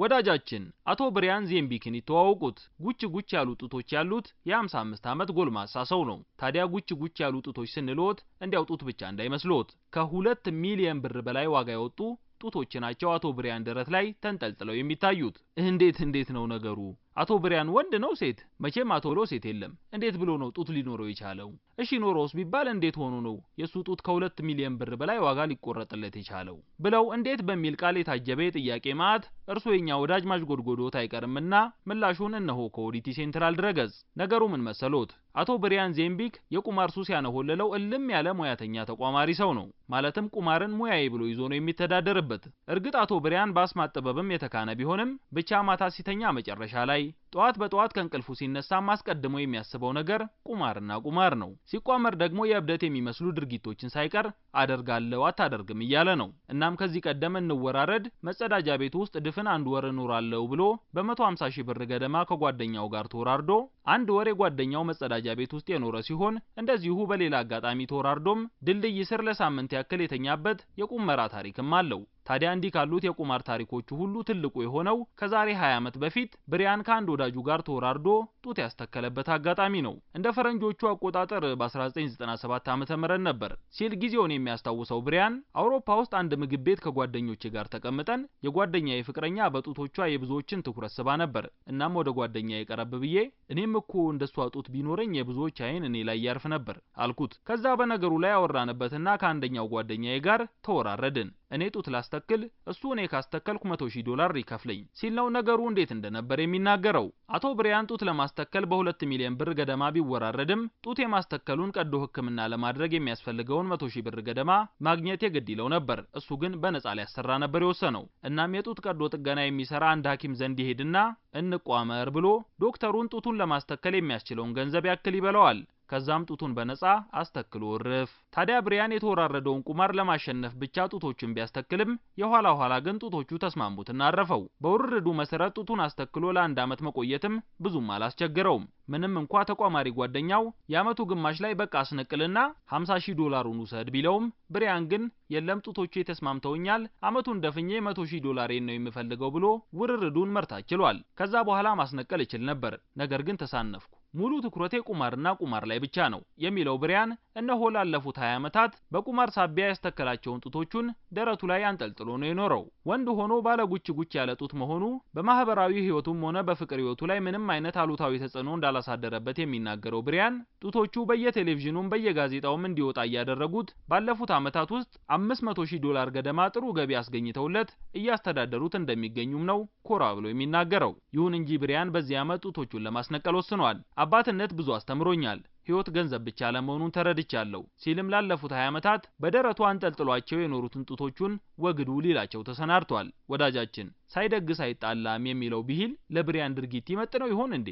ወዳጃችን አቶ ብሪያን ዜምቢክን ይተዋወቁት። ጉች ጉች ያሉ ጡቶች ያሉት የ55 ዓመት ጎልማሳ ሰው ነው። ታዲያ ጉች ጉች ያሉ ጡቶች ስንልዎት እንዲያው ጡት ብቻ እንዳይመስልዎት። ከሁለት ሚሊየን ብር በላይ ዋጋ ያወጡ ጡቶች ናቸው አቶ ብሪያን ደረት ላይ ተንጠልጥለው የሚታዩት። እንዴት እንዴት ነው ነገሩ? አቶ ብሪያን ወንድ ነው ሴት? መቼም አቶ ብሎ ሴት የለም። እንዴት ብሎ ነው ጡት ሊኖረው የቻለው? እሺ ኖሮስ ቢባል እንዴት ሆኖ ነው የሱ ጡት ከሁለት ሚሊዮን ብር በላይ ዋጋ ሊቆረጥለት የቻለው? ብለው እንዴት በሚል ቃል የታጀበ የጥያቄ ማዕት እርስ የኛ ወዳጅ ማጅጎድጎዶት አይቀርምና ምላሹን እነሆ ከኦዲቲ ሴንትራል ድረገጽ። ነገሩ ምን መሰሎት? አቶ ብሪያን ዜምቢክ የቁማር ሱስ ያነሆለለው እልም ያለ ሙያተኛ ተቋማሪ ሰው ነው። ማለትም ቁማርን ሙያዬ ብሎ ይዞ ነው የሚተዳደርበት። እርግጥ አቶ ብሪያን በአስማት ጥበብም የተካነ ቢሆንም ብቻ ማታ ሲተኛ መጨረሻ ላይ ጠዋት በጠዋት ከእንቅልፉ ሲነሳም አስቀድሞ የሚያስበው ነገር ቁማርና ቁማር ነው። ሲቋመር ደግሞ የእብደት የሚመስሉ ድርጊቶችን ሳይቀር አደርጋለሁ አታደርግም እያለ ነው። እናም ከዚህ ቀደም እንወራረድ መጸዳጃ ቤት ውስጥ ድፍን አንድ ወር እኖራለሁ ብሎ በ150 ሺህ ብር ገደማ ከጓደኛው ጋር ተወራርዶ አንድ ወር የጓደኛው መጸዳጃ ቤት ውስጥ የኖረ ሲሆን እንደዚሁ በሌላ አጋጣሚ ተወራርዶም ድልድይ ስር ለሳምንት ያክል የተኛበት የቁመራ ታሪክም አለው። ታዲያ እንዲህ ካሉት የቁማር ታሪኮቹ ሁሉ ትልቁ የሆነው ከዛሬ 20 ዓመት በፊት ብሪያን ከአንድ ወዳጁ ጋር ተወራርዶ ጡት ያስተከለበት አጋጣሚ ነው። እንደ ፈረንጆቹ አቆጣጠር በ1997 ዓ.ም ነበር ሲል ጊዜውን የሚያስታውሰው ብሪያን አውሮፓ ውስጥ አንድ ምግብ ቤት ከጓደኞቼ ጋር ተቀምጠን የጓደኛ ፍቅረኛ በጡቶቿ የብዙዎችን ትኩረት ስባ ነበር። እናም ወደ ጓደኛ የቀረብ ብዬ እኔም እኮ እንደሷ ጡት ቢኖረኝ የብዙዎች አይን እኔ ላይ ያርፍ ነበር አልኩት። ከዛ በነገሩ ላይ አወራንበትና ከአንደኛው ጓደኛዬ ጋር ተወራረድን። እኔ ጡት ላስተክል እሱ እኔ ካስተከልኩ መቶ ሺህ ዶላር ይከፍለኝ ሲል ነው ነገሩ እንዴት እንደነበር የሚናገረው። አቶ ብሪያን ጡት ለማስተከል በሁለት ሚሊዮን ብር ገደማ ቢወራረድም ጡት የማስተከሉን ቀዶ ሕክምና ለማድረግ የሚያስፈልገውን መቶ ሺህ ብር ገደማ ማግኘት የግድ ይለው ነበር። እሱ ግን በነፃ ሊያሰራ ነበር የወሰነው። እናም የጡት ቀዶ ጥገና የሚሰራ አንድ ሐኪም ዘንድ ይሄድና እንቋመር ብሎ ዶክተሩን ጡቱን ለማስተከል የሚያስችለውን ገንዘብ ያክል ይበለዋል። ከዛም ጡቱን በነፃ አስተክሎ እርፍ። ታዲያ ብሪያን የተወራረደውን ቁማር ለማሸነፍ ብቻ ጡቶቹን ቢያስተክልም የኋላ ኋላ ግን ጡቶቹ ተስማሙትና አረፈው። በውርርዱ መሰረት ጡቱን አስተክሎ ለአንድ ዓመት መቆየትም ብዙም አላስቸግረውም። ምንም እንኳ ተቋማሪ ጓደኛው የአመቱ ግማሽ ላይ በቃ አስነቅልና 50 ሺህ ዶላሩን ውሰድ ቢለውም ብሪያን ግን የለም ጡቶቼ ተስማምተውኛል፣ አመቱን ደፍኜ 100 ሺህ ዶላሬን ነው የምፈልገው ብሎ ውርርዱን መርታት ችሏል። ከዛ በኋላ ማስነቀል ይችል ነበር፣ ነገር ግን ተሳነፍኩ ሙሉ ትኩረቴ ቁማርና ቁማር ላይ ብቻ ነው የሚለው ብሪያን እነሆ ላለፉት 20 ዓመታት በቁማር ሳቢያ ያስተከላቸውን ጡቶቹን ደረቱ ላይ አንጠልጥሎ ነው የኖረው። ወንድ ሆኖ ባለ ጉች ጉች ያለ ጡት መሆኑ በማህበራዊ ህይወቱም ሆነ በፍቅር ህይወቱ ላይ ምንም አይነት አሉታዊ ተጽዕኖ እንዳላሳደረበት የሚናገረው ብሪያን ጡቶቹ በየቴሌቪዥኑም በየጋዜጣውም እንዲወጣ እያደረጉት ባለፉት ዓመታት ውስጥ 500 ሺህ ዶላር ገደማ ጥሩ ገቢ አስገኝተውለት እያስተዳደሩት እንደሚገኙም ነው ኮራ ብሎ የሚናገረው። ይሁን እንጂ ብሪያን በዚህ ዓመት ጡቶቹን ለማስነቀል ወስኗል። አባትነት ብዙ አስተምሮኛል ህይወት ገንዘብ ብቻ ለመሆኑን ተረድቻለሁ ሲልም ላለፉት 20 ዓመታት በደረቱ አንጠልጥሏቸው የኖሩትን ጡቶቹን ወግዱ ሊላቸው ተሰናድቷል። ወዳጃችን ሳይደግስ አይጣላም የሚለው ብሂል ለብሪያን ድርጊት ይመጥነው ይሆን እንዴ?